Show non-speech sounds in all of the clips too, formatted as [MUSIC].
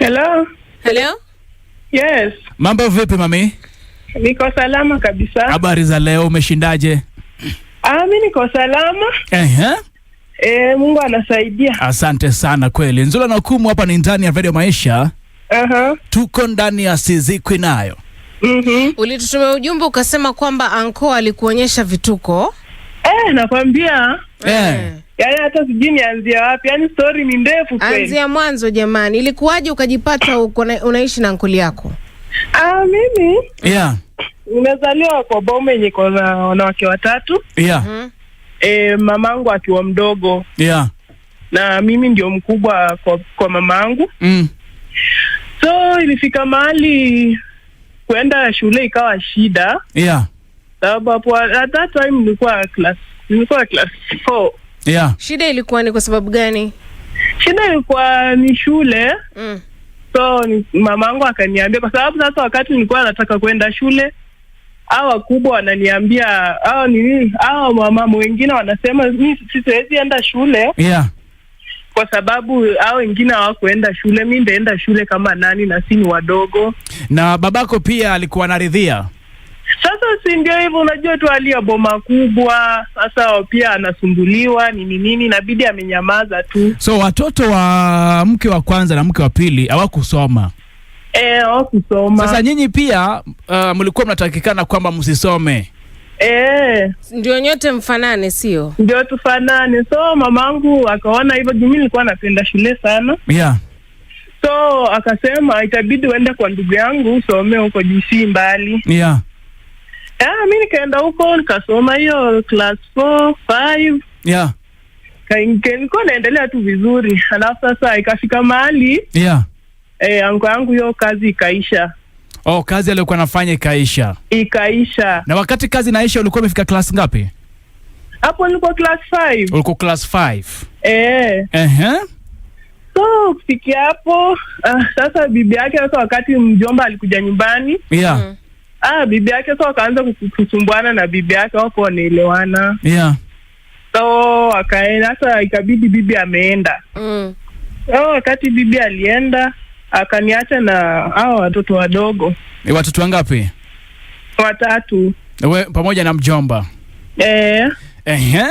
Hello. Hello. Yes. Mambo vipi mami? Niko salama kabisa. Habari za leo, umeshindaje? Ah, mimi niko salama. Eh, eh? Mungu anasaidia. Asante sana kweli. Nzula na Hukumu hapa ni ndani ya Radio Maisha. Uh-huh. Tuko ndani ya Sizikwi Nayo. Mm Ulitutumia ujumbe ukasema kwamba Anko alikuonyesha vituko. Eh, nakwambia. Eh. eh yaani hata sijui nianzie wapi, yaani stori ni ndefu. Anzia mwanzo jamani, ilikuwaje ukajipata uko unaishi na nkuli yako? Ah, mimi yeah, nimezaliwa kwa boma yenye iko na wanawake watatu yeah. mm-hmm. E, mamangu akiwa mdogo yeah, na mimi ndio mkubwa kwa, kwa mamangu mm. So ilifika mahali kwenda shule ikawa shida yeah, sababu hapo at that time nilikuwa class nilikuwa class yeah. Shida ilikuwa ni kwa sababu gani? Shida ilikuwa ni shule mm. So angu akaniambia, kwa sababu sasa wakati nilikuwa nataka kwenda shule au wakubwa wananiambia aa nini, hawa mama wengine wanasema mi siwezi enda shule yeah. Kwa sababu au wengine hawakuenda shule, mi ndaenda shule kama nani, na si ni wadogo. Na babako pia alikuwa anaridhia si ndio hivyo, unajua tu hali ya boma kubwa. Sasa pia anasumbuliwa nini nini, inabidi amenyamaza tu. So watoto wa mke wa kwanza na mke wa pili hawakusoma eh, hawakusoma. Sasa nyinyi pia uh, mlikuwa mnatakikana kwamba msisome E, ndio nyote mfanane, sio ndio? Tufanane. So mamangu akaona hivyo juu mimi nilikuwa napenda shule sana, yeah. So akasema itabidi uende kwa ndugu yangu usome huko juu, si mbali, yeah. Yeah, mi nikaenda huko nikasoma hiyo class four five, yeah nilikuwa naendelea tu vizuri, alafu sasa ikafika mahali yeah, eh, anko yangu hiyo kazi ikaisha. Oh, kazi aliyokuwa anafanya ikaisha, ikaisha. Na wakati kazi naisha, ulikuwa umefika class ngapi hapo? Nilikuwa class 5. Ulikuwa class 5? Eh, huh So kufikia hapo, ah, sasa bibi yake sasa, wakati mjomba alikuja nyumbani yeah. mm. hmm ah, bibi yake so wakaanza kusumbuana na bibi yake, wako wanaelewana yeah. So wakaenda hata ikabidi bibi ameenda mm. So wakati bibi alienda akaniacha na hao watoto wadogo. E, watoto wangapi? Watatu. We, pamoja na mjomba e. Ehe.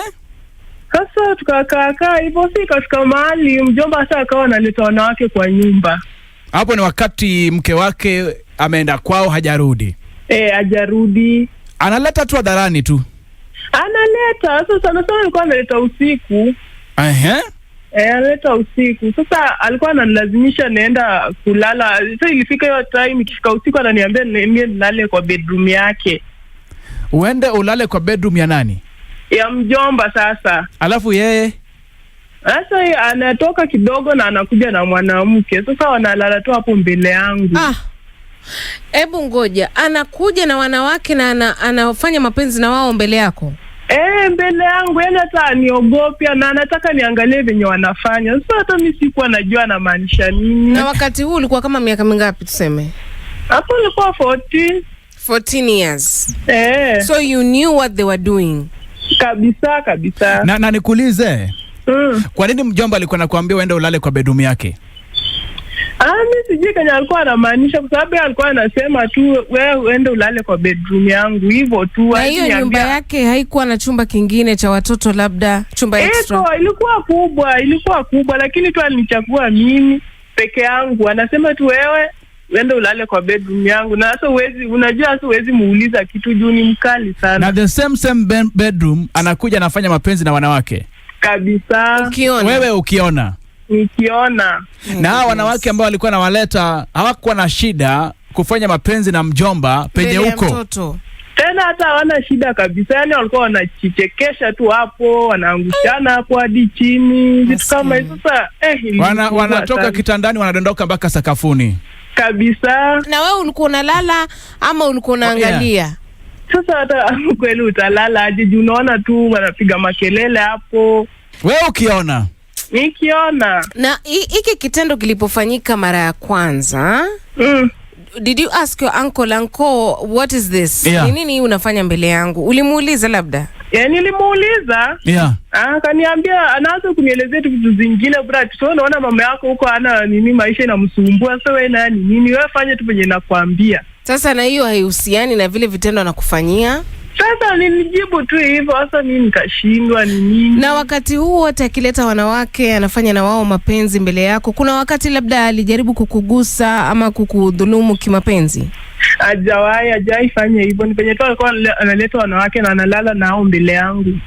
Sasa tukakaakaa hivo si kafika mahali mjomba hasa akawa analeta wanawake kwa nyumba. Hapo ni wakati mke wake ameenda kwao hajarudi eh, ajarudi analeta tu hadharani tu analeta. Sasa sana sana alikuwa analeta usiku ehe Eh, analeta usiku. Sasa alikuwa ananilazimisha naenda kulala. Sasa ilifika hiyo time, ikifika usiku ananiambia niende nilale kwa bedroom yake. Uende ulale kwa bedroom ya nani? Ya mjomba. Sasa alafu yeye sasa anatoka kidogo na anakuja na mwanamke, sasa wanalala tu hapo mbele yangu. Ah. Hebu ngoja, anakuja na wanawake na ana, anafanya mapenzi na wao mbele yako? E, mbele yangu, yani hata aniogopya na anataka niangalie venye wanafanya. Sasa hata mi sikuwa najua anamaanisha nini. Na wakati huu ulikuwa kama miaka mingapi tuseme? Hapo nilikuwa 14. 14 years. Eh. So you knew what they were doing. Kabisa kabisa. Na, na nikuulize mm. Kwa nini mjomba alikuwa anakuambia uende ulale kwa bedumu yake? mi yaani, sijui kenye alikuwa anamaanisha, kwa sababu alikuwa anasema tu wewe uende ulale kwa bedroom yangu hivyo tu. Na hiyo nyumba yake haikuwa na chumba kingine cha watoto, labda chumba eh, extra. Eto, ilikuwa kubwa, ilikuwa kubwa, lakini tu alinichagua mimi peke yangu. Anasema tu wewe uende ulale kwa bedroom yangu, na sasa uwezi, unajua hasa uwezi muuliza kitu juu ni mkali sana, na the same same bedroom anakuja anafanya mapenzi na wanawake kabisa, ukiona. wewe ukiona nikiona. Na hawa wanawake ambao walikuwa nawaleta hawakuwa na shida kufanya mapenzi na mjomba penye huko tena hata hawana shida kabisa, yani walikuwa wanachichekesha tu hapo, wanaangushana hapo hadi chini, vitu kama hizo. Sasa eh, wana, wanatoka kitandani wanadondoka mpaka sakafuni kabisa. Na wewe ulikuwa unalala ama ulikuwa unaangalia? Oh, yeah. Sasa hata [LAUGHS] kweli utalala aje? Juu unaona tu wanapiga makelele hapo, wewe ukiona nikiona. Na hiki kitendo kilipofanyika mara ya kwanza mm. Did you ask your uncle, anko what is this? Yeah. nini unafanya mbele yangu? Ulimuuliza labda? Yeah, nilimuuliza. Yeah. Ah, kaniambia anaanza kunielezea tu vitu zingine bora mama yako huko ana nini maisha inamsumbua sasa wewe nani nini wewe fanye tu venye nakwambia. Sasa na hiyo haihusiani na vile vitendo anakufanyia? Sasa nilijibu tu hivyo, sasa mimi nikashindwa ni nini. Na wakati huu wote akileta wanawake anafanya na wao mapenzi mbele yako, kuna wakati labda alijaribu kukugusa ama kukudhulumu kimapenzi? Ajawai, hajawahi fanya hivyo. Ni penye tu alikuwa analeta wanawake na analala nao mbele yangu.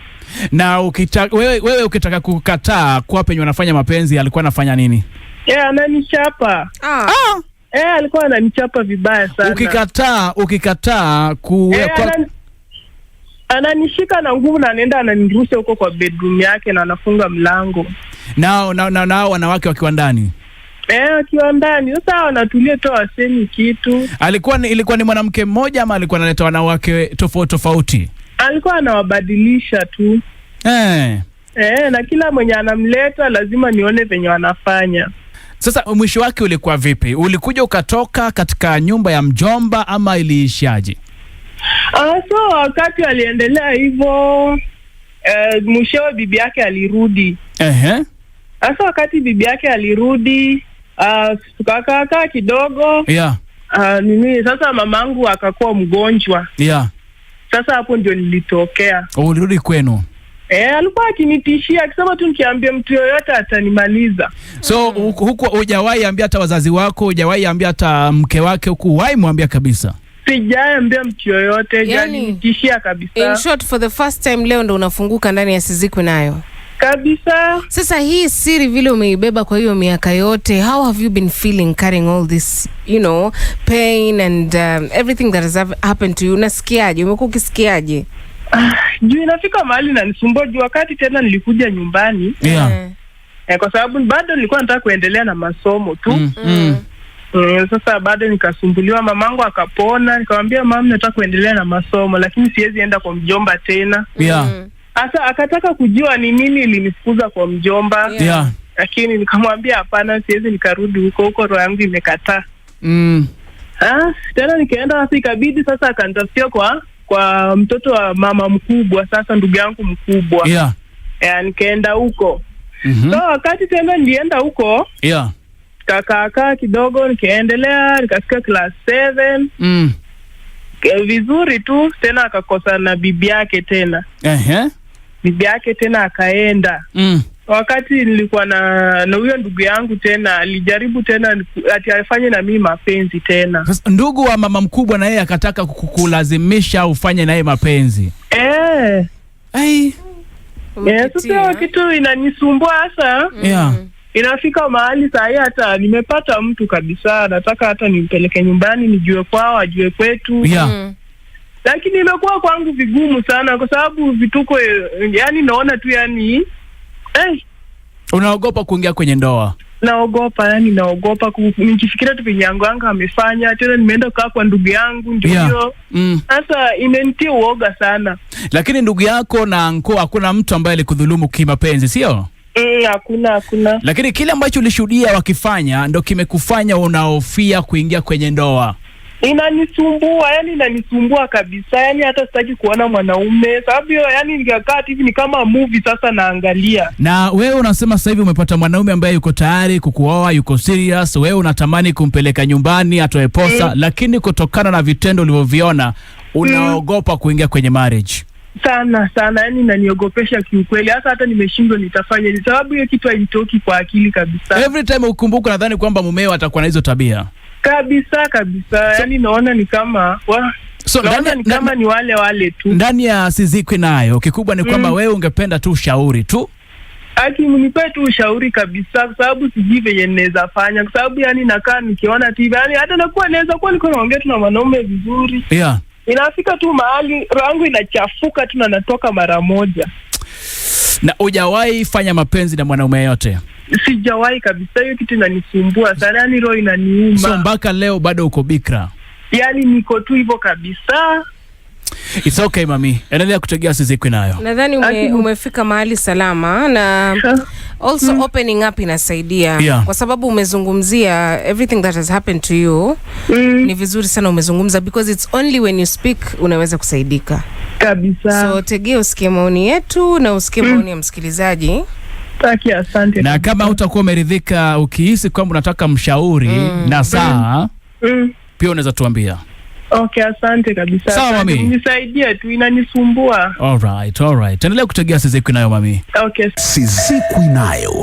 Na ukitaka wewe, wewe ukitaka kukataa kuwa penye wanafanya mapenzi, alikuwa anafanya nini? Yeah, ananichapa. Ah. Ah. Eh, alikuwa ananichapa vibaya sana. Ukikataa, ukikataa ku eh, ananishika na nguvu na anaenda ananirusha huko kwa bedroom yake na anafunga mlango. Nao nao na, na, wanawake wakiwa ndani eh, wakiwa ndani sasa wanatulia tu, wasemi kitu. Alikuwa ni, ilikuwa ni mwanamke mmoja ama alikuwa analeta wanawake tofauti tofauti? Alikuwa anawabadilisha tu eh. Eh, na kila mwenye anamleta lazima nione venye wanafanya. Sasa mwisho wake ulikuwa vipi? Ulikuja ukatoka katika nyumba ya mjomba ama iliishiaje Uh, so wakati aliendelea hivyo uh, mwishowe bibi yake alirudi. Ehe. Ah, sasa wakati bibi yake alirudi uh, ah, tukakaakaa kidogo. Yeah. Uh, nini sasa mamangu akakuwa mgonjwa. Yeah. Sasa hapo ndio nilitokea. Oh, ulirudi kwenu? E, alikuwa akinitishia akisema tu nikiambia mtu yoyote atanimaliza. So huku hujawahi ambia hata wazazi wako, hujawahi ambia hata mke wake, wahi mwambia kabisa? sijaambia mtu yoyote yani, tishia kabisa. In short, for the first time leo ndo unafunguka ndani ya Sizikwi Nayo kabisa. Sasa hii siri vile umeibeba kwa hiyo miaka yote, how have you been feeling carrying all this you know pain and um, everything that has happened to you? Unasikiaje? umekuwa ukisikiaje? Ah, [SIGHS] juu inafika mahali nanisumbua juu wakati tena nilikuja nyumbani yeah. Yeah. Eh, kwa sababu bado nilikuwa nataka kuendelea na masomo tu mm. Mm. Mm, sasa bado nikasumbuliwa, mamangu akapona, nikamwambia mama, nataka kuendelea na masomo lakini siwezi enda kwa mjomba tena. Yeah. Mm. akataka kujua ni nini ilinifukuza kwa mjomba. Yeah. Yeah. Lakini nikamwambia hapana, siwezi nikarudi huko huko, roho yangu imekataa. Mm. Ah, tena nikaenda sasa, ikabidi sasa akanitafutia kwa kwa mtoto wa mama mkubwa, sasa ndugu yangu mkubwa. Yeah. Yeah, nikaenda huko. Mm -hmm. So wakati tena nilienda huko. Yeah. Kakaakaa kidogo, nikaendelea nikafika class seven mm. Eh, vizuri tu tena, akakosa na bibi yake tena uh-huh. bibi yake tena akaenda mm. Wakati nilikuwa na na huyo ndugu yangu tena, alijaribu tena ati afanye na mimi mapenzi tena. ndugu wa mama mkubwa na yeye akataka kukulazimisha ufanye naye mapenzi eh. Ai, eh, sasa kitu inanisumbua hasa yeah. Mm inafika mahali sahii hata nimepata mtu kabisa, nataka hata nimpeleke nyumbani, nijue kwao, ajue kwetu yeah. mm. Lakini imekuwa kwangu vigumu sana, kwa sababu vituko, yani naona tu yani eh. Unaogopa kuingia kwenye ndoa? Naogopa yani, naogopa nikifikiria tu venye yangu yangu amefanya tena, nimeenda kukaa kwa ndugu yangu ndio hiyo yeah. mm. Sasa imenitia uoga sana. Lakini ndugu yako na nko, hakuna mtu ambaye alikudhulumu kimapenzi, sio? hakuna eh, hakuna hakuna. Lakini kile ambacho ulishuhudia wakifanya ndo kimekufanya unaofia kuingia kwenye ndoa? Inanisumbua, yani inanisumbua kabisa, yani hata sitaki kuona mwanaume sababu hiyo, yani nikakaa hivi ni kama movie sasa naangalia. Na wewe unasema sasa hivi umepata mwanaume ambaye yuko tayari kukuoa, yuko serious, wewe unatamani kumpeleka nyumbani atoe posa mm. Lakini kutokana na vitendo ulivyoviona mm. unaogopa mm. kuingia kwenye marriage sana sana, yani inaniogopesha kiukweli, hasa hata nimeshindwa nitafanya ni sababu hiyo kitu haitoki kwa akili kabisa. Every time ukumbuka, nadhani kwamba mumeo atakuwa na hizo tabia kabisa kabisa, so, yani naona ni kama wa, so, naona ni kama ni wale wale tu ndani ya sizikwi nayo. Kikubwa ni kwamba mm, wewe ungependa tu ushauri tu aki mnipe tu ushauri kabisa, kwa sababu sijui venye ninaweza fanya, kwa sababu yani nakaa nikiona TV yani hata nakuwa naweza kuwa niko naongea tu na wanaume vizuri yeah inafika tu mahali rangu inachafuka tu na natoka mara moja. Na hujawahi fanya mapenzi na mwanaume yote Sijawahi kabisa, hiyo kitu inanisumbua sana, yani roho inaniuma. So mpaka leo bado uko bikra? Yani niko tu hivyo kabisa. It's okay mami, endelea kutegea sizikwi nayo. Nadhani ume, umefika mahali salama na Also mm. opening up inasaidia yeah. Kwa sababu umezungumzia everything that has happened to you mm. Ni vizuri sana umezungumza because it's only when you speak unaweza kusaidika kabisa. So tegea usikie maoni yetu na usikie hmm. maoni mm. ya msikilizaji. Na kama utakuwa umeridhika ukihisi kwamba unataka mshauri mm. na saa mm. pia unaweza tuambia. Okay, asante kabisa. Sawa mami. Nisaidia tu inanisumbua. All right, all right. Endelea kutegea Sizikwi Nayo mami. Okay. Sizikwi Nayo.